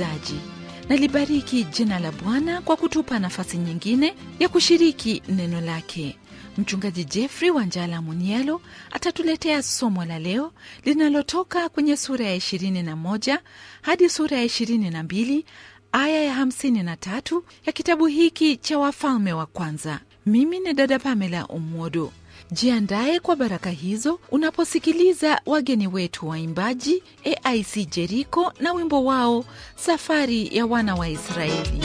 msikilizaji, nalibariki jina la Bwana kwa kutupa nafasi nyingine ya kushiriki neno lake. Mchungaji Jeffrey wa njala Munielo atatuletea somo la leo linalotoka kwenye sura ya 21 hadi sura ya 22 aya ya 53 ya kitabu hiki cha Wafalme wa Kwanza. Mimi ni dada Pamela Umwodo jiandaye kwa baraka hizo unaposikiliza wageni wetu waimbaji AIC Jeriko na wimbo wao safari ya wana wa Israeli.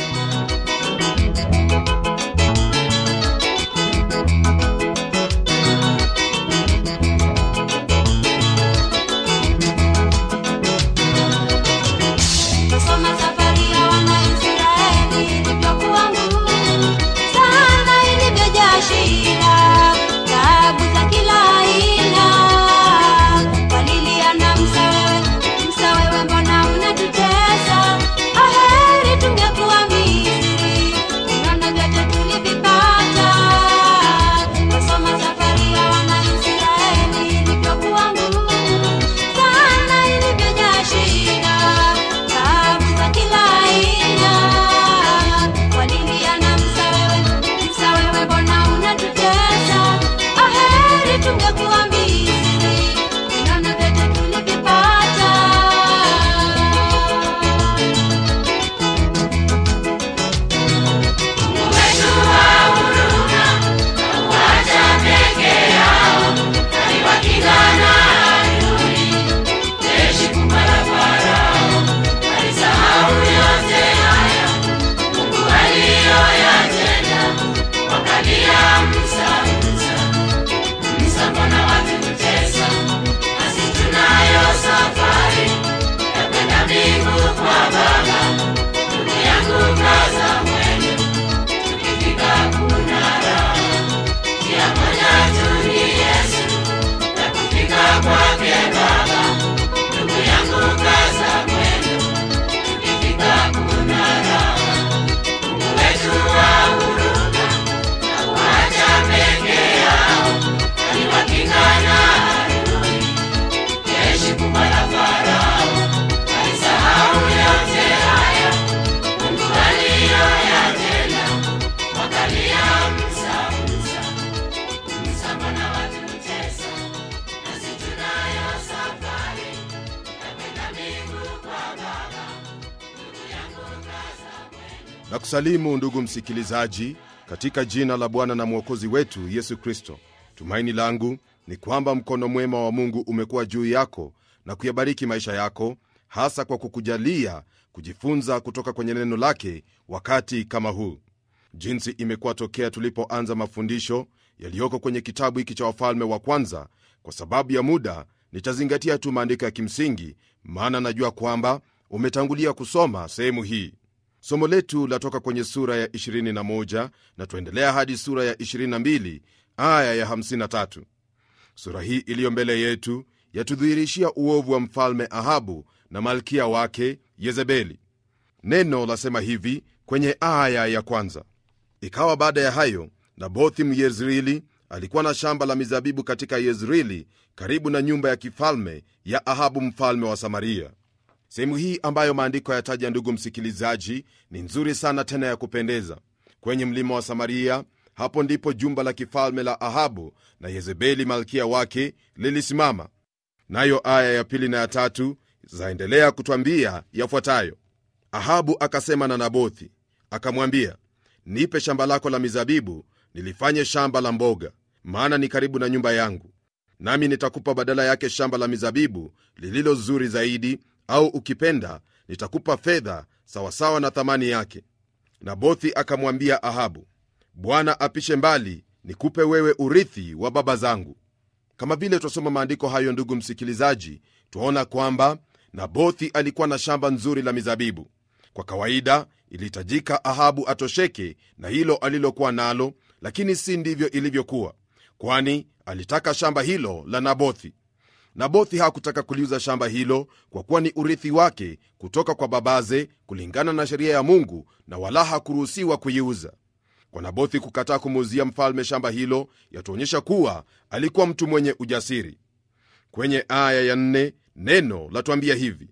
na kusalimu ndugu msikilizaji katika jina la bwana na mwokozi wetu yesu kristo tumaini langu ni kwamba mkono mwema wa mungu umekuwa juu yako na kuyabariki maisha yako hasa kwa kukujalia kujifunza kutoka kwenye neno lake wakati kama huu jinsi imekuwa tokea tulipoanza mafundisho yaliyoko kwenye kitabu hiki cha wafalme wa kwanza kwa sababu ya muda nitazingatia tu maandiko ya kimsingi maana najua kwamba umetangulia kusoma sehemu hii Somo letu latoka kwenye sura ya 21 na, na tuendelea hadi sura ya 22 aya ya 53. Sura hii iliyo mbele yetu yatudhihirishia uovu wa mfalme Ahabu na malkia wake Yezebeli. Neno lasema hivi kwenye aya ya kwanza: ikawa baada ya hayo, Nabothi myezrili alikuwa na shamba la mizabibu katika yezrili karibu na nyumba ya kifalme ya Ahabu mfalme wa Samaria. Sehemu hii ambayo maandiko yataja, ndugu msikilizaji, ni nzuri sana tena ya kupendeza, kwenye mlima wa Samaria. Hapo ndipo jumba la kifalme la Ahabu na Yezebeli malkia wake lilisimama. Nayo aya ya pili na ya tatu zaendelea kutwambia yafuatayo: Ahabu akasema na Nabothi akamwambia, nipe shamba lako la mizabibu nilifanye shamba la mboga, maana ni karibu na nyumba yangu, nami nitakupa badala yake shamba la mizabibu lililo zuri zaidi au ukipenda nitakupa fedha sawasawa na thamani yake. Nabothi akamwambia Ahabu, Bwana apishe mbali, nikupe wewe urithi wa baba zangu. Kama vile twasoma maandiko hayo, ndugu msikilizaji, twaona kwamba Nabothi alikuwa na shamba nzuri la mizabibu. Kwa kawaida ilihitajika Ahabu atosheke na hilo alilokuwa nalo, lakini si ndivyo ilivyokuwa, kwani alitaka shamba hilo la Nabothi. Nabothi hakutaka kuliuza shamba hilo kwa kuwa ni urithi wake kutoka kwa babaze kulingana na sheria ya Mungu, na wala hakuruhusiwa kuiuza. Kwa Nabothi kukataa kumuuzia mfalme shamba hilo yatuonyesha kuwa alikuwa mtu mwenye ujasiri. Kwenye aya ya nne neno latuambia hivi: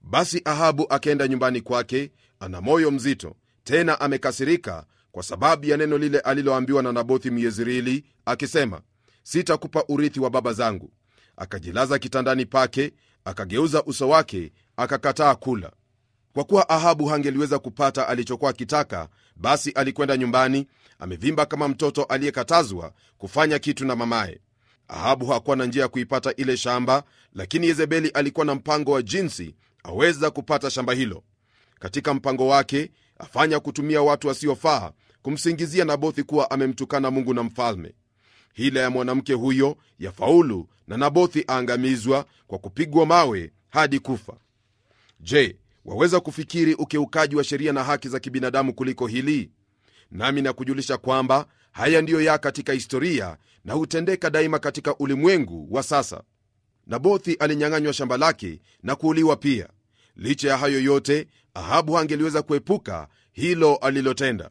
basi Ahabu akaenda nyumbani kwake, ana moyo mzito, tena amekasirika kwa sababu ya neno lile aliloambiwa na Nabothi Myezirili, akisema, sitakupa urithi wa baba zangu akajilaza kitandani pake, akageuza uso wake, akakataa kula. Kwa kuwa Ahabu hangeliweza kupata alichokuwa akitaka, basi alikwenda nyumbani amevimba kama mtoto aliyekatazwa kufanya kitu na mamaye. Ahabu hakuwa na njia ya kuipata ile shamba, lakini Yezebeli alikuwa na mpango wa jinsi aweza kupata shamba hilo. Katika mpango wake afanya kutumia watu wasiofaa kumsingizia Nabothi kuwa amemtukana Mungu na mfalme hila ya mwanamke huyo yafaulu na Nabothi aangamizwa kwa kupigwa mawe hadi kufa. Je, waweza kufikiri ukiukaji wa sheria na haki za kibinadamu kuliko hili? Nami nakujulisha kwamba haya ndiyo ya katika historia na hutendeka daima katika ulimwengu wa sasa. Nabothi alinyang'anywa shamba lake na kuuliwa pia. Licha ya hayo yote, Ahabu hangeliweza kuepuka hilo alilotenda.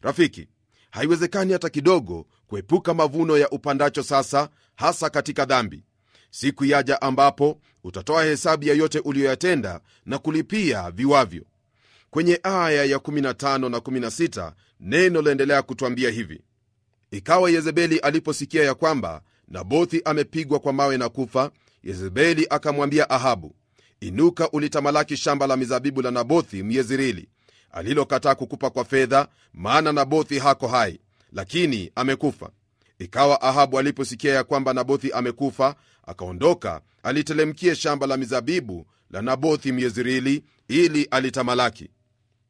Rafiki, haiwezekani hata kidogo kuepuka mavuno ya upandacho sasa, hasa katika dhambi. Siku yaja ambapo utatoa hesabu ya yote uliyoyatenda na kulipia viwavyo. Kwenye aya ya 15 na 16 neno laendelea kutwambia hivi: ikawa Yezebeli aliposikia ya kwamba Nabothi amepigwa kwa mawe na kufa, Yezebeli akamwambia Ahabu, inuka ulitamalaki shamba la mizabibu la Nabothi Myezirili alilokataa kukupa kwa fedha, maana Nabothi hako hai, lakini amekufa. Ikawa Ahabu aliposikia ya kwamba Nabothi amekufa, akaondoka alitelemkia shamba la mizabibu la Nabothi Myezirili ili alitamalaki.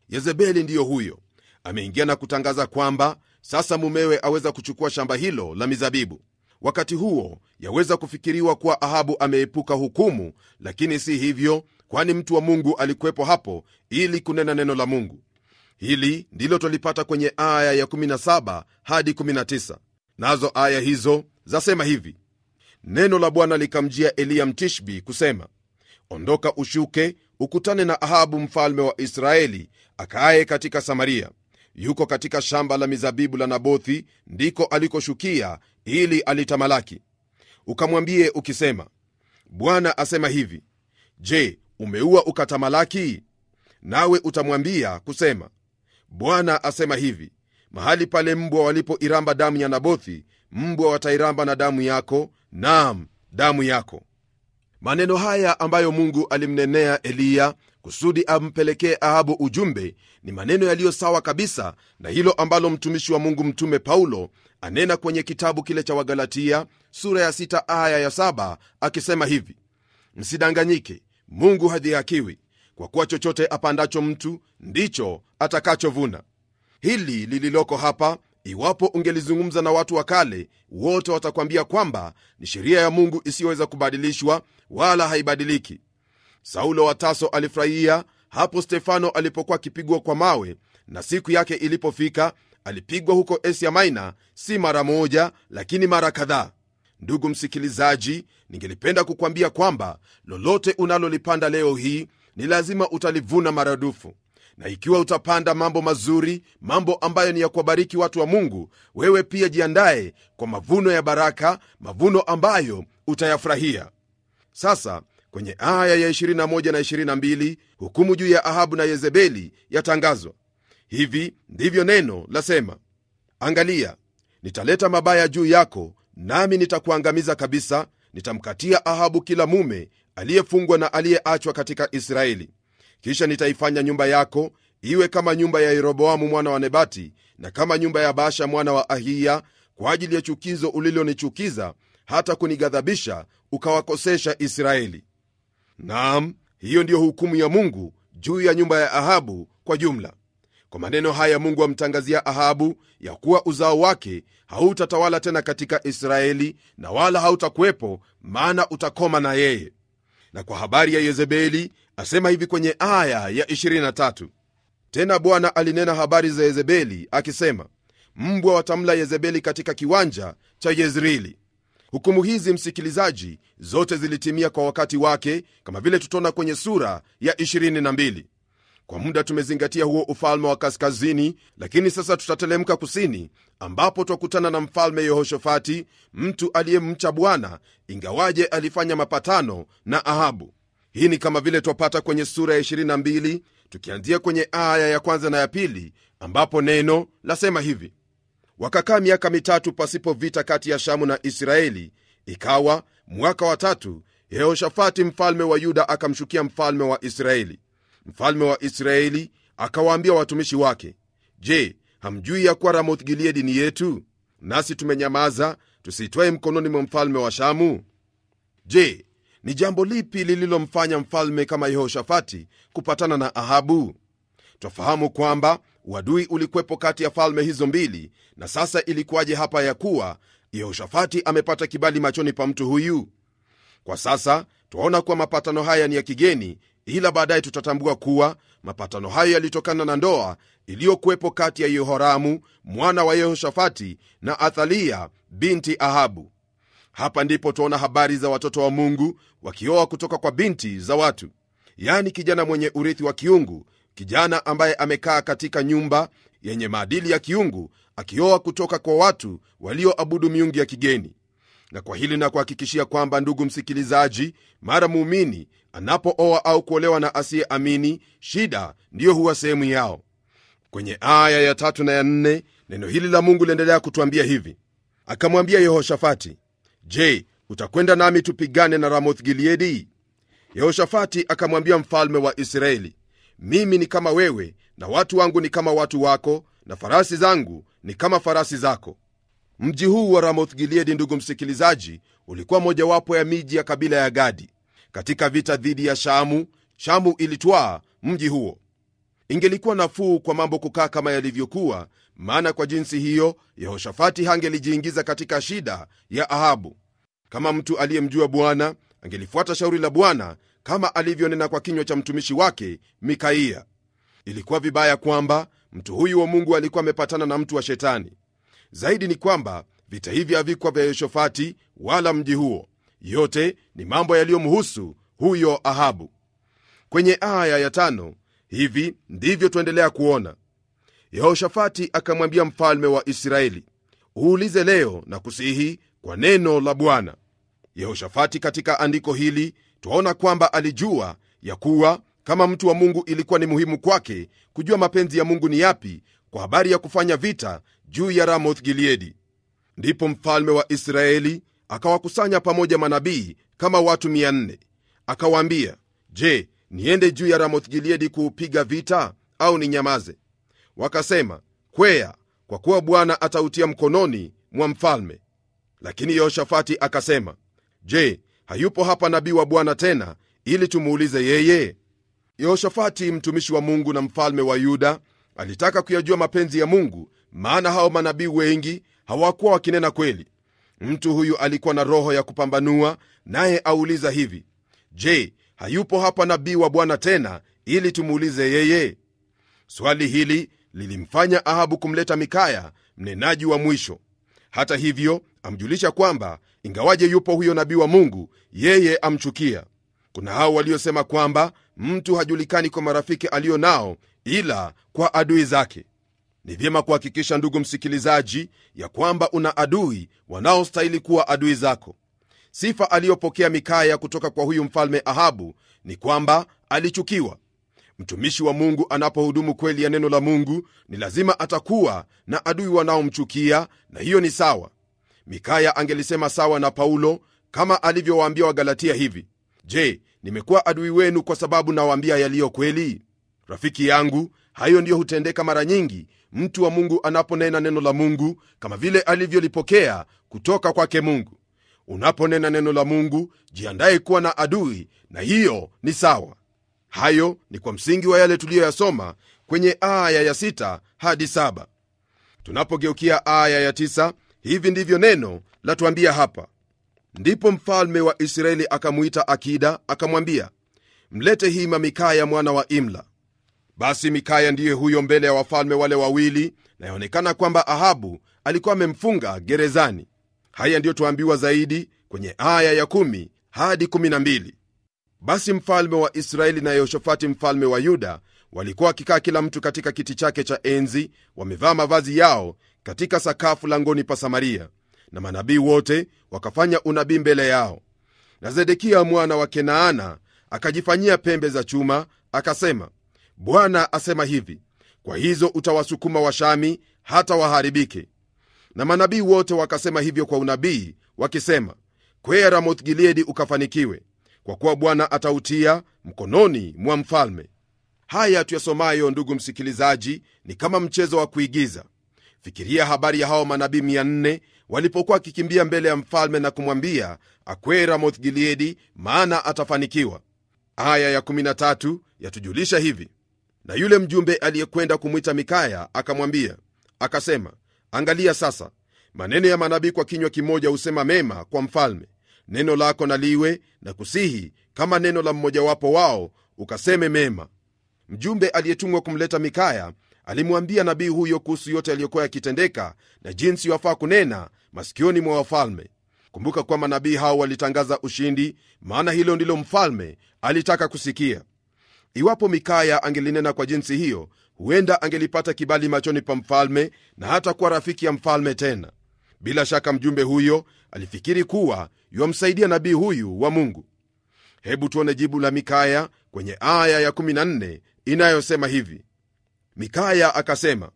Yezebeli ndiyo huyo ameingia na kutangaza kwamba sasa mumewe aweza kuchukua shamba hilo la mizabibu. Wakati huo yaweza kufikiriwa kuwa Ahabu ameepuka hukumu, lakini si hivyo, kwani mtu wa Mungu alikuwepo hapo ili kunena neno la Mungu. Hili ndilo twalipata kwenye aya ya 17 hadi 19, nazo aya hizo zasema hivi: neno la Bwana likamjia Eliya Mtishbi kusema, ondoka, ushuke ukutane na Ahabu mfalme wa Israeli akaye katika Samaria. Yuko katika shamba la mizabibu la Nabothi, ndiko alikoshukia ili alitamalaki. Ukamwambie ukisema, Bwana asema hivi: Je, umeua ukatamalaki? Nawe utamwambia kusema, Bwana asema hivi, mahali pale mbwa walipoiramba damu ya Nabothi, mbwa watairamba na damu yako, nam damu yako. Maneno haya ambayo Mungu alimnenea Eliya kusudi ampelekee Ahabu ujumbe ni maneno yaliyo sawa kabisa na hilo ambalo mtumishi wa Mungu Mtume Paulo anena kwenye kitabu kile cha Wagalatia sura ya 6 aya ya 7 akisema hivi: msidanganyike, Mungu hadhihakiwi, kwa kuwa chochote apandacho mtu ndicho atakachovuna. Hili lililoko hapa, iwapo ungelizungumza na watu wa kale, wote watakwambia kwamba ni sheria ya Mungu isiyoweza kubadilishwa wala haibadiliki. Saulo wa Taso alifurahia hapo Stefano alipokuwa akipigwa kwa mawe, na siku yake ilipofika alipigwa huko Asia Maina, si mara moja, lakini mara kadhaa. Ndugu msikilizaji, ningelipenda kukwambia kwamba lolote unalolipanda leo hii ni lazima utalivuna maradufu, na ikiwa utapanda mambo mazuri, mambo ambayo ni ya kuwabariki watu wa Mungu, wewe pia jiandaye kwa mavuno ya baraka, mavuno ambayo utayafurahia. Sasa kwenye aya ya 21 na 22, hukumu juu ya Ahabu na Yezebeli yatangazwa. Hivi ndivyo neno lasema: Angalia, nitaleta mabaya juu yako nami nitakuangamiza kabisa, nitamkatia Ahabu kila mume aliyefungwa na aliyeachwa katika Israeli. Kisha nitaifanya nyumba yako iwe kama nyumba ya Yeroboamu mwana wa Nebati na kama nyumba ya Baasha mwana wa Ahiya, kwa ajili ya chukizo ulilonichukiza hata kunighadhabisha ukawakosesha Israeli. nam hiyo ndiyo hukumu ya Mungu juu ya nyumba ya Ahabu kwa jumla. Kwa maneno haya Mungu amtangazia Ahabu ya kuwa uzao wake hautatawala tena katika Israeli na wala hautakuwepo, maana utakoma na yeye. Na kwa habari ya Yezebeli asema hivi kwenye aya ya 23: tena Bwana alinena habari za Yezebeli akisema, mbwa watamla Yezebeli katika kiwanja cha Yezreeli. Hukumu hizi msikilizaji, zote zilitimia kwa wakati wake, kama vile tutaona kwenye sura ya 22. Kwa muda tumezingatia huo ufalme wa kaskazini, lakini sasa tutatelemka kusini, ambapo twakutana na mfalme Yehoshafati, mtu aliyemcha Bwana ingawaje alifanya mapatano na Ahabu. Hii ni kama vile twapata kwenye sura ya 22 tukianzia kwenye aya ya kwanza na ya pili, ambapo neno lasema hivi: wakakaa miaka mitatu pasipo vita kati ya Shamu na Israeli. Ikawa mwaka wa tatu Yehoshafati mfalme wa Yuda akamshukia mfalme wa Israeli. Mfalme wa Israeli akawaambia watumishi wake, Je, hamjui ya kuwa Ramoth Gileadi ni yetu, nasi tumenyamaza tusiitwaye mkononi mwa mfalme wa Shamu? Je, ni jambo lipi lililomfanya mfalme kama Yehoshafati kupatana na Ahabu? Twafahamu kwamba uadui ulikwepo kati ya falme hizo mbili, na sasa ilikuwaje hapa ya kuwa Yehoshafati amepata kibali machoni pa mtu huyu? Kwa sasa twaona kuwa mapatano haya ni ya kigeni, ila baadaye tutatambua kuwa mapatano hayo yalitokana na ndoa iliyokuwepo kati ya Yehoramu mwana wa Yehoshafati na Athalia binti Ahabu. Hapa ndipo tuona habari za watoto wa Mungu wakioa kutoka kwa binti za watu, yaani kijana mwenye urithi wa kiungu, kijana ambaye amekaa katika nyumba yenye maadili ya kiungu, akioa kutoka kwa watu walioabudu miungu ya kigeni. Na kwa hili na kuhakikishia kwamba, ndugu msikilizaji, mara muumini anapooa au kuolewa na asiyeamini, shida ndiyo huwa sehemu yao. Kwenye aya ya tatu na ya nne neno hili la Mungu liendelea kutwambia hivi: akamwambia Yehoshafati, je, utakwenda nami tupigane na Ramoth Gileadi? Yehoshafati akamwambia mfalme wa Israeli, mimi ni kama wewe na watu wangu ni kama watu wako na farasi zangu ni kama farasi zako. Mji huu wa Ramoth Gileadi, ndugu msikilizaji, ulikuwa mojawapo ya miji ya kabila ya Gadi katika vita dhidi ya Shamu. Shamu ilitwaa mji huo. Ingelikuwa nafuu kwa mambo kukaa kama yalivyokuwa, maana kwa jinsi hiyo Yehoshafati hangelijiingiza katika shida ya Ahabu. Kama mtu aliyemjua Bwana angelifuata shauri la Bwana kama alivyonena kwa kinywa cha mtumishi wake Mikaiya. Ilikuwa vibaya kwamba mtu huyu wa Mungu alikuwa amepatana na mtu wa Shetani. Zaidi ni kwamba vita hivi havikuwa vya Yehoshafati wala mji huo. Yote ni mambo yaliyomhusu huyo Ahabu. Kwenye aya ya tano hivi ndivyo twaendelea kuona: Yehoshafati akamwambia mfalme wa Israeli, uulize leo na kusihi kwa neno la Bwana. Yehoshafati katika andiko hili twaona kwamba alijua ya kuwa kama mtu wa Mungu ilikuwa ni muhimu kwake kujua mapenzi ya Mungu ni yapi kwa habari ya kufanya vita juu ya Ramoth Gileadi. Ndipo mfalme wa Israeli akawakusanya pamoja manabii kama watu mia nne akawaambia, Je, niende juu ya Ramoth Gileadi kuupiga vita au ninyamaze? Wakasema, Kwea, kwa kuwa Bwana atautia mkononi mwa mfalme. Lakini Yehoshafati akasema, Je, hayupo hapa nabii wa Bwana tena ili tumuulize yeye? Yehoshafati mtumishi wa Mungu na mfalme wa Yuda alitaka kuyajua mapenzi ya Mungu, maana hao manabii wengi hawakuwa wakinena kweli, Mtu huyu alikuwa na roho ya kupambanua, naye auliza hivi, je, hayupo hapa nabii wa Bwana tena ili tumuulize yeye? Swali hili lilimfanya Ahabu kumleta Mikaya, mnenaji wa mwisho. Hata hivyo, amjulisha kwamba ingawaje yupo huyo nabii wa Mungu, yeye amchukia. Kuna hao waliosema kwamba mtu hajulikani kwa marafiki aliyo nao, ila kwa adui zake ni vyema kuhakikisha, ndugu msikilizaji, ya kwamba una adui wanaostahili kuwa adui zako. Sifa aliyopokea Mikaya kutoka kwa huyu mfalme Ahabu ni kwamba alichukiwa. Mtumishi wa Mungu anapohudumu kweli ya neno la Mungu, ni lazima atakuwa na adui wanaomchukia, na hiyo ni sawa. Mikaya angelisema sawa na Paulo kama alivyowaambia Wagalatia hivi: Je, nimekuwa adui wenu kwa sababu nawaambia yaliyo kweli? Rafiki yangu, Hayo ndiyo hutendeka mara nyingi mtu wa Mungu anaponena neno la Mungu kama vile alivyolipokea kutoka kwake Mungu. Unaponena neno la Mungu, jiandaye kuwa na adui, na hiyo ni sawa. Hayo ni kwa msingi wa yale tuliyoyasoma kwenye aya ya sita hadi saba. Tunapogeukia aya ya tisa, hivi ndivyo neno latuambia hapa: ndipo mfalme wa Israeli akamwita Akida akamwambia, mlete hima Mikaya mwana wa Imla. Basi Mikaya ndiye huyo mbele ya wafalme wale wawili, na yaonekana kwamba Ahabu alikuwa amemfunga gerezani. Haya ndiyo twambiwa zaidi kwenye aya ya kumi hadi kumi Basi mfalme wa Israeli na Yehoshafati mfalme wa Yuda walikuwa wakikaa kila mtu katika kiti chake cha enzi, wamevaa mavazi yao, katika sakafu langoni pa Samaria, na manabii wote wakafanya unabii mbele yao. Na Zedekia mwana wa Kenaana akajifanyia pembe za chuma, akasema Bwana asema hivi, kwa hizo utawasukuma Washami hata waharibike. Na manabii wote wakasema hivyo kwa unabii, wakisema, kwea Ramoth Gileadi ukafanikiwe, kwa kuwa Bwana atautia mkononi mwa mfalme. Haya tuyasomayo, ndugu msikilizaji, ni kama mchezo wa kuigiza. Fikiria habari ya hao manabii 4 walipokuwa wakikimbia mbele ya mfalme na kumwambia akwee Ramoth Gileadi, maana atafanikiwa. Aya ya 13 yatujulisha hivi: na yule mjumbe aliyekwenda kumwita Mikaya akamwambia akasema, angalia sasa, maneno ya manabii kwa kinywa kimoja husema mema kwa mfalme. Neno lako na liwe na kusihi kama neno la mmojawapo wao, ukaseme mema. Mjumbe aliyetumwa kumleta Mikaya alimwambia nabii huyo kuhusu yote aliyokuwa yakitendeka na jinsi wafaa kunena masikioni mwa wafalme. Kumbuka kwamba nabii hao walitangaza ushindi, maana hilo ndilo mfalme alitaka kusikia iwapo mikaya angelinena kwa jinsi hiyo huenda angelipata kibali machoni pa mfalme na hata kuwa rafiki ya mfalme tena bila shaka mjumbe huyo alifikiri kuwa yuwamsaidia nabii huyu wa mungu hebu tuone jibu la mikaya kwenye aya ya 14 inayosema hivi mikaya akasema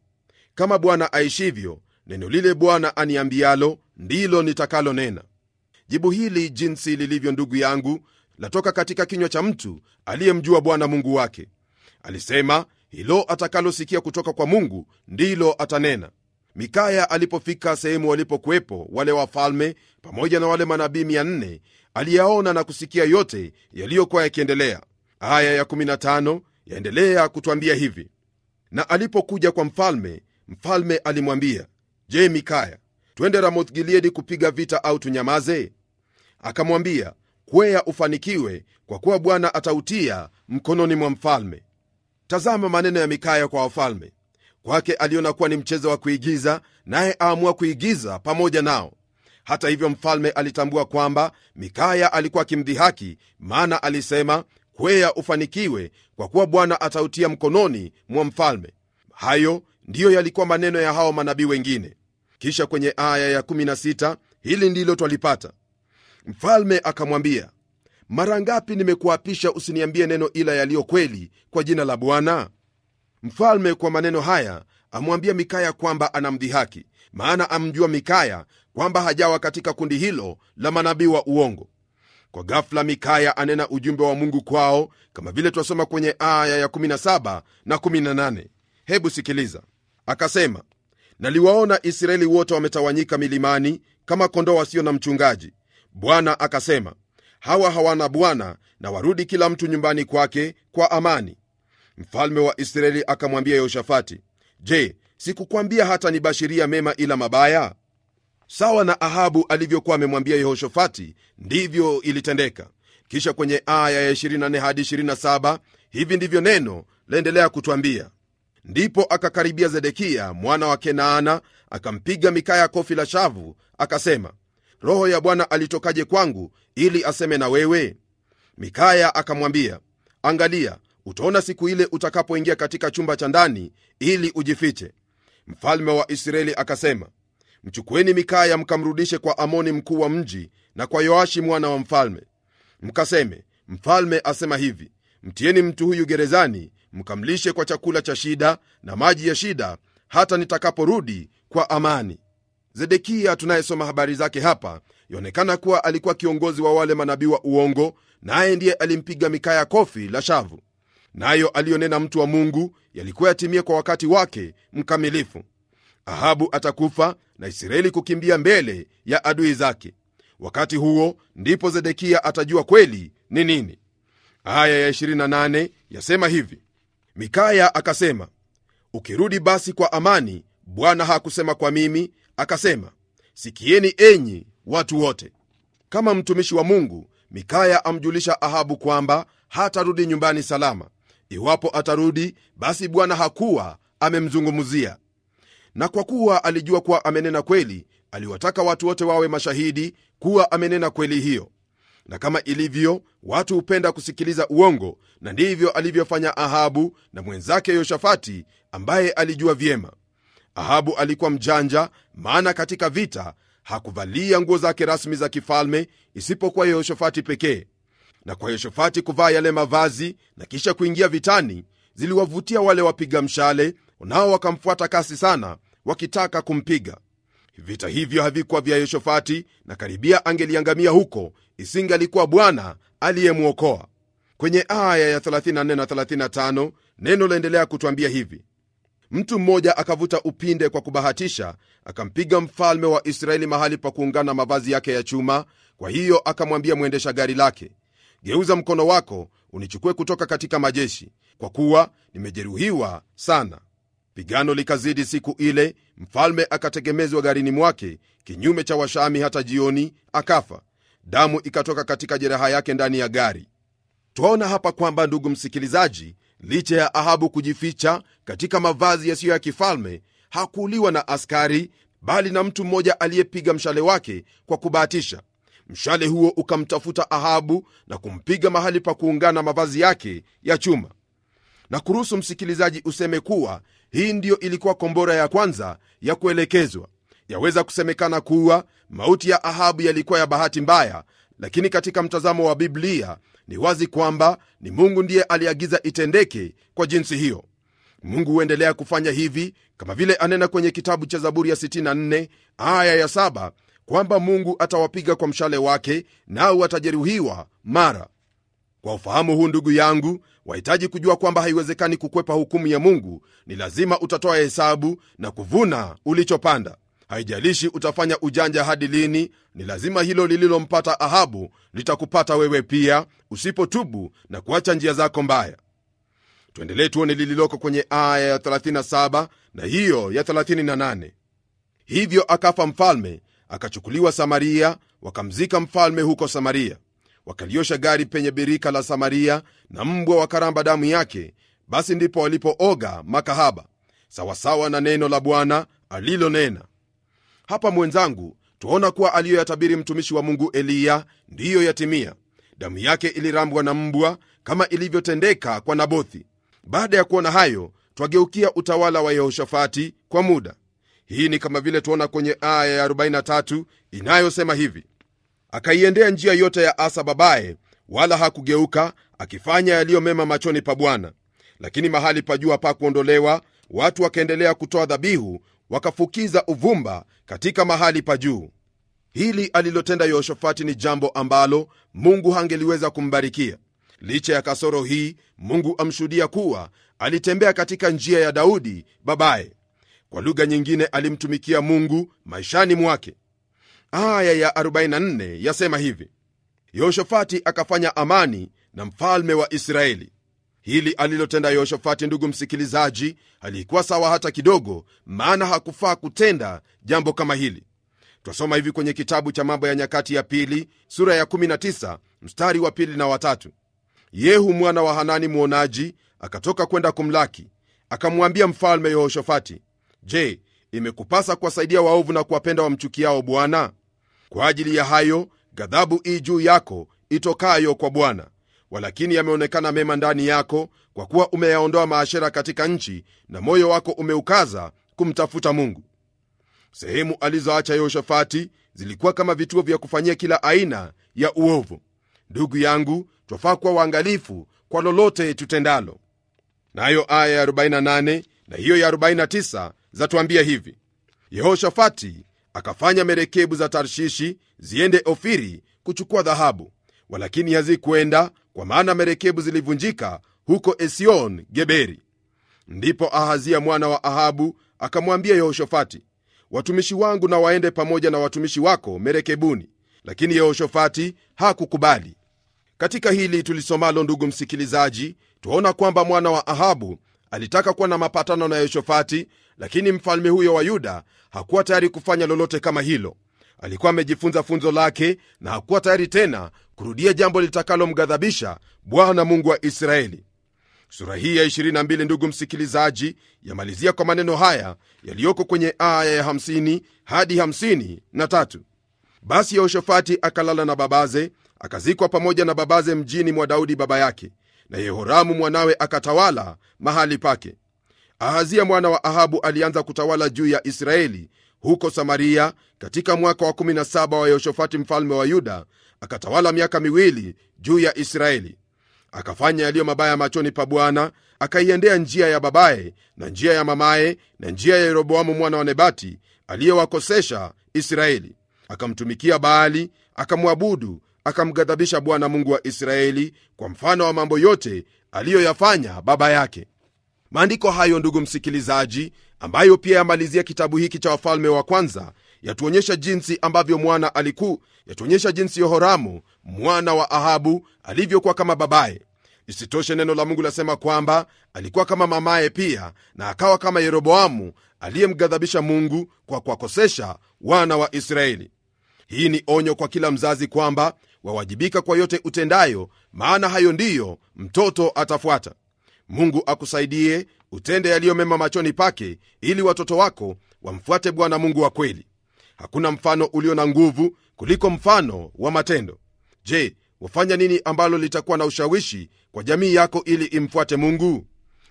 kama bwana aishivyo neno lile bwana aniambialo ndilo nitakalonena jibu hili jinsi lilivyo ndugu yangu latoka katika kinywa cha mtu aliyemjua Bwana Mungu wake. Alisema hilo atakalosikia kutoka kwa Mungu ndilo atanena. Mikaya alipofika sehemu walipokuwepo wale wafalme pamoja na wale manabii mia nne aliyaona na kusikia yote yaliyokuwa yakiendelea. Aya ya 15 yaendelea kutwambia hivi: na alipokuja kwa mfalme, mfalme alimwambia, Je, Mikaya, twende Ramoth Gileadi kupiga vita au tunyamaze? Akamwambia, kwea ufanikiwe, kwa kuwa Bwana atautia mkononi mwa mfalme. Tazama maneno ya Mikaya kwa wafalme. Kwake aliona kuwa ni mchezo wa kuigiza, naye aamua kuigiza pamoja nao. Hata hivyo, mfalme alitambua kwamba Mikaya alikuwa akimdhihaki, maana alisema, kwea ufanikiwe, kwa kuwa Bwana atautia mkononi mwa mfalme. Hayo ndiyo yalikuwa maneno ya hao manabii wengine. Kisha kwenye aya ya 16 hili ndilo twalipata: Mfalme akamwambia, mara ngapi nimekuapisha usiniambie neno ila yaliyo kweli kwa jina la Bwana? Mfalme kwa maneno haya amwambia Mikaya kwamba anamdhihaki, maana amjua Mikaya kwamba hajawa katika kundi hilo la manabii wa uongo. Kwa ghafla Mikaya anena ujumbe wa Mungu kwao, kama vile twasoma kwenye aya ya 17 na 18. Hebu sikiliza. Akasema, naliwaona Israeli wote wametawanyika milimani kama kondoo wasio na mchungaji, Bwana akasema, hawa hawana bwana, na warudi kila mtu nyumbani kwake kwa amani. Mfalme wa Israeli akamwambia Yehoshafati, je, sikukwambia hata nibashiria mema ila mabaya? Sawa na Ahabu alivyokuwa amemwambia Yehoshafati, ndivyo ilitendeka. Kisha kwenye aya ya 24 hadi 27 hivi ndivyo neno laendelea kutwambia: ndipo akakaribia Zedekiya mwana wa Kenaana akampiga Mikaya kofi la shavu, akasema roho ya Bwana alitokaje kwangu ili aseme na wewe? Mikaya akamwambia, angalia, utaona siku ile utakapoingia katika chumba cha ndani ili ujifiche. Mfalme wa Israeli akasema, mchukueni Mikaya mkamrudishe kwa Amoni mkuu wa mji na kwa Yoashi mwana wa mfalme, mkaseme, mfalme asema hivi, mtieni mtu huyu gerezani, mkamlishe kwa chakula cha shida na maji ya shida, hata nitakaporudi kwa amani zedekiya tunayesoma habari zake hapa, yaonekana kuwa alikuwa kiongozi wa wale manabii wa uongo, naye ndiye alimpiga Mikaya kofi la shavu, nayo aliyonena mtu wa Mungu yalikuwa yatimie kwa wakati wake mkamilifu. Ahabu atakufa na Israeli kukimbia mbele ya adui zake. Wakati huo ndipo zedekiya atajua kweli ni nini. Aya ya 28 yasema hivi: Mikaya akasema, ukirudi basi kwa amani, Bwana hakusema kwa mimi, akasema sikieni enyi watu wote kama mtumishi wa mungu mikaya amjulisha ahabu kwamba hatarudi nyumbani salama iwapo atarudi basi bwana hakuwa amemzungumzia na kwa kuwa alijua kuwa amenena kweli aliwataka watu wote wawe mashahidi kuwa amenena kweli hiyo na kama ilivyo watu hupenda kusikiliza uongo na ndivyo alivyofanya ahabu na mwenzake yoshafati ambaye alijua vyema Ahabu alikuwa mjanja, maana katika vita hakuvalia nguo zake rasmi za kifalme isipokuwa Yehoshafati pekee. Na kwa Yehoshafati kuvaa yale mavazi na kisha kuingia vitani, ziliwavutia wale wapiga mshale, nao wakamfuata kasi sana, wakitaka kumpiga. Vita hivyo havikuwa vya Yehoshafati, na karibia angeliangamia huko alikuwa Bwana aliyemwokoa. Kwenye aya ya 34 na 35 neno laendelea kutwambia hivi: mtu mmoja akavuta upinde kwa kubahatisha, akampiga mfalme wa Israeli mahali pa kuungana mavazi yake ya chuma. Kwa hiyo akamwambia mwendesha gari lake, geuza mkono wako unichukue kutoka katika majeshi, kwa kuwa nimejeruhiwa sana. Pigano likazidi siku ile, mfalme akategemezwa garini mwake kinyume cha Washami hata jioni, akafa. Damu ikatoka katika jeraha yake ndani ya gari. Twaona hapa kwamba, ndugu msikilizaji, licha ya Ahabu kujificha katika mavazi yasiyo ya kifalme, hakuuliwa na askari, bali na mtu mmoja aliyepiga mshale wake kwa kubahatisha. Mshale huo ukamtafuta Ahabu na kumpiga mahali pa kuungana mavazi yake ya chuma. Na kuruhusu msikilizaji useme kuwa hii ndiyo ilikuwa kombora ya kwanza ya kuelekezwa. Yaweza kusemekana kuwa mauti ya Ahabu yalikuwa ya bahati mbaya, lakini katika mtazamo wa Biblia ni wazi kwamba ni Mungu ndiye aliagiza itendeke kwa jinsi hiyo. Mungu huendelea kufanya hivi kama vile anena kwenye kitabu cha Zaburi ya 64 aya ya 7 kwamba Mungu atawapiga kwa mshale wake, nao atajeruhiwa mara. Kwa ufahamu huu, ndugu yangu, wahitaji kujua kwamba haiwezekani kukwepa hukumu ya Mungu. Ni lazima utatoa hesabu na kuvuna ulichopanda. Haijalishi utafanya ujanja hadi lini, ni lazima hilo lililompata Ahabu litakupata wewe pia, usipotubu na kuacha njia zako mbaya. Tuendelee tuone lililoko kwenye aya ya 37 na hiyo ya 38. Hivyo akafa mfalme, akachukuliwa Samaria, wakamzika mfalme huko Samaria. Wakaliosha gari penye birika la Samaria, na mbwa wakaramba damu yake. Basi ndipo walipooga makahaba, sawasawa na neno la Bwana alilonena. Hapa mwenzangu, twaona kuwa aliyoyatabiri mtumishi wa Mungu Eliya ndiyo yatimia. Damu yake ilirambwa na mbwa kama ilivyotendeka kwa Nabothi. Baada ya kuona hayo, twageukia utawala wa Yehoshafati kwa muda. Hii ni kama vile twaona kwenye aya ya 43 inayosema hivi: akaiendea njia yote ya Asa babaye, wala hakugeuka, akifanya yaliyomema machoni pa Bwana. Lakini mahali pa jua pa kuondolewa, watu wakaendelea kutoa dhabihu wakafukiza uvumba katika mahali pa juu. Hili alilotenda Yehoshafati ni jambo ambalo Mungu hangeliweza kumbarikia. Licha ya kasoro hii, Mungu amshuhudia kuwa alitembea katika njia ya Daudi babaye. Kwa lugha nyingine, alimtumikia Mungu maishani mwake. Aya ya 44 yasema hivi: Yehoshafati akafanya amani na mfalme wa Israeli. Hili alilotenda Yehoshafati, ndugu msikilizaji, halikuwa sawa hata kidogo, maana hakufaa kutenda jambo kama hili. Twasoma hivi kwenye kitabu cha Mambo ya Nyakati ya Pili sura ya 19 mstari wa pili na watatu. Yehu mwana wa Hanani mwonaji akatoka kwenda kumlaki, akamwambia mfalme Yehoshafati, Je, imekupasa kuwasaidia waovu na kuwapenda wamchukiao Bwana? Kwa ajili ya hayo ghadhabu ii juu yako itokayo kwa Bwana walakini yameonekana mema ndani yako, kwa kuwa umeyaondoa maashera katika nchi, na moyo wako umeukaza kumtafuta Mungu. Sehemu alizoacha Yehoshafati zilikuwa kama vituo vya kufanyia kila aina ya uovu. Ndugu yangu, twafaa kuwa waangalifu kwa lolote tutendalo. Nayo na aya ya 48 na hiyo ya 49 zatuambia hivi: Yehoshafati akafanya merekebu za Tarshishi ziende Ofiri kuchukua dhahabu, walakini hazikwenda kwa maana merekebu zilivunjika huko Esion Geberi. Ndipo Ahazia mwana wa Ahabu akamwambia Yehoshafati, watumishi wangu na waende pamoja na watumishi wako merekebuni, lakini Yehoshafati hakukubali. Katika hili tulisomalo, ndugu msikilizaji, twaona kwamba mwana wa Ahabu alitaka kuwa na mapatano na Yehoshafati, lakini mfalme huyo wa Yuda hakuwa tayari kufanya lolote kama hilo. Alikuwa amejifunza funzo lake na hakuwa tayari tena kurudia jambo litakalomghadhabisha Bwana Mungu wa Israeli. Sura hii ya 22, ndugu msikilizaji, yamalizia kwa maneno haya yaliyoko kwenye aya ya 50 hadi 53: basi Yehoshafati akalala na babaze, akazikwa pamoja na babaze mjini mwa Daudi baba yake, na Yehoramu mwanawe akatawala mahali pake. Ahazia mwana wa Ahabu alianza kutawala juu ya Israeli huko Samaria katika mwaka wa 17 wa Yehoshafati mfalme wa Yuda, akatawala miaka miwili juu ya Israeli. Akafanya yaliyo mabaya machoni pa Bwana, akaiendea njia ya babaye na njia ya mamaye na njia ya Yeroboamu mwana wa Nebati aliyewakosesha Israeli. Akamtumikia Baali, akamwabudu, akamghadhabisha Bwana Mungu wa Israeli kwa mfano wa mambo yote aliyoyafanya baba yake. Maandiko hayo, ndugu msikilizaji, ambayo pia yamalizia kitabu hiki cha Wafalme wa Kwanza, yatuonyesha jinsi ambavyo mwana alikuu, yatuonyesha jinsi Yehoramu mwana wa Ahabu alivyokuwa kama babaye. Isitoshe, neno la Mungu lasema kwamba alikuwa kama mamaye pia, na akawa kama Yeroboamu aliyemghadhabisha Mungu kwa kuwakosesha wana wa Israeli. Hii ni onyo kwa kila mzazi kwamba wawajibika kwa yote utendayo, maana hayo ndiyo mtoto atafuata. Mungu akusaidie utende yaliyomema machoni pake, ili watoto wako wamfuate Bwana Mungu wa kweli hakuna mfano ulio na nguvu kuliko mfano wa matendo. Je, wafanya nini ambalo litakuwa na ushawishi kwa jamii yako ili imfuate Mungu?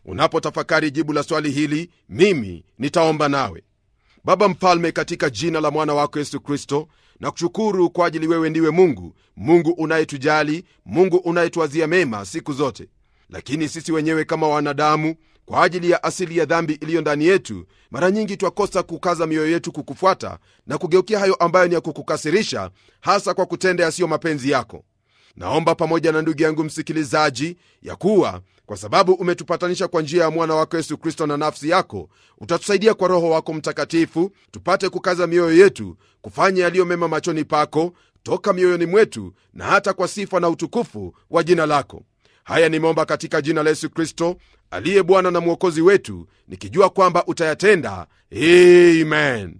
Unapotafakari jibu la swali hili, mimi nitaomba nawe. Baba Mfalme, katika jina la mwana wako Yesu Kristo, na kushukuru kwa ajili wewe ndiwe Mungu, Mungu unayetujali, Mungu unayetuwazia mema siku zote. Lakini sisi wenyewe kama wanadamu kwa ajili ya asili ya dhambi iliyo ndani yetu, mara nyingi twakosa kukaza mioyo yetu kukufuata na kugeukia hayo ambayo ni ya kukukasirisha, hasa kwa kutenda yasiyo mapenzi yako. Naomba pamoja na ndugu yangu msikilizaji, ya kuwa kwa sababu umetupatanisha kwa njia ya mwana wako Yesu Kristo na nafsi yako, utatusaidia kwa Roho wako Mtakatifu tupate kukaza mioyo yetu kufanya yaliyo mema machoni pako, toka mioyoni mwetu, na hata kwa sifa na utukufu wa jina lako. Haya nimeomba katika jina la Yesu Kristo aliye Bwana na Mwokozi wetu, nikijua kwamba utayatenda. Amen.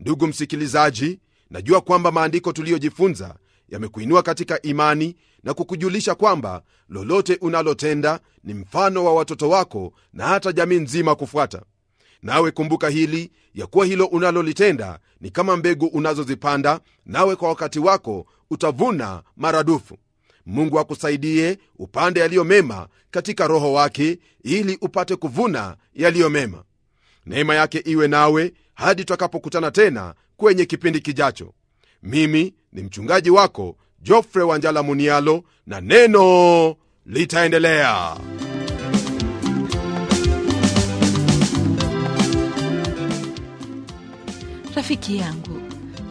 Ndugu msikilizaji, najua kwamba maandiko tuliyojifunza yamekuinua katika imani na kukujulisha kwamba lolote unalotenda ni mfano wa watoto wako na hata jamii nzima kufuata. Nawe kumbuka hili ya kuwa hilo unalolitenda ni kama mbegu unazozipanda, nawe kwa wakati wako utavuna maradufu mungu akusaidie upande yaliyo mema katika roho wake ili upate kuvuna yaliyo mema neema yake iwe nawe hadi twakapokutana tena kwenye kipindi kijacho mimi ni mchungaji wako jofre wa njala munialo na neno litaendelea rafiki yangu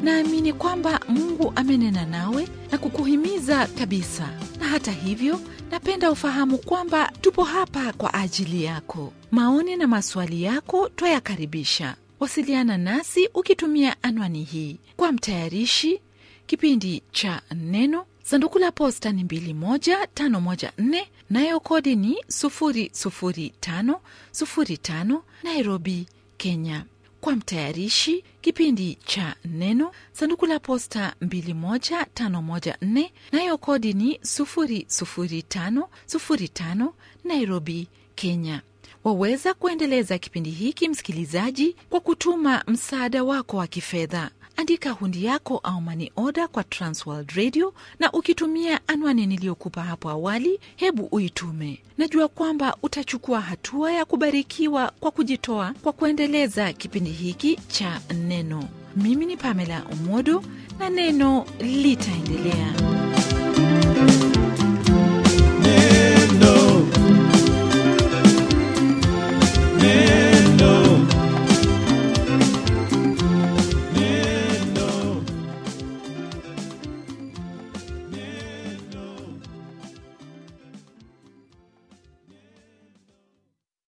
naamini kwamba Mungu amenena nawe na kukuhimiza kabisa, na hata hivyo, napenda ufahamu kwamba tupo hapa kwa ajili yako. Maoni na maswali yako twayakaribisha. Wasiliana nasi ukitumia anwani hii. Kwa mtayarishi kipindi cha Neno, sanduku la posta ni 21514 nayo kodi ni 5 Nairobi, Kenya kwa mtayarishi kipindi cha Neno, sanduku la posta 21514 nayo kodi ni 55 Nairobi, Kenya. Waweza kuendeleza kipindi hiki msikilizaji, kwa kutuma msaada wako wa kifedha andika hundi yako au mani oda kwa Transworld Radio, na ukitumia anwani niliyokupa hapo awali, hebu uitume. Najua kwamba utachukua hatua ya kubarikiwa kwa kujitoa kwa kuendeleza kipindi hiki cha Neno. Mimi ni Pamela Umodo na Neno litaendelea.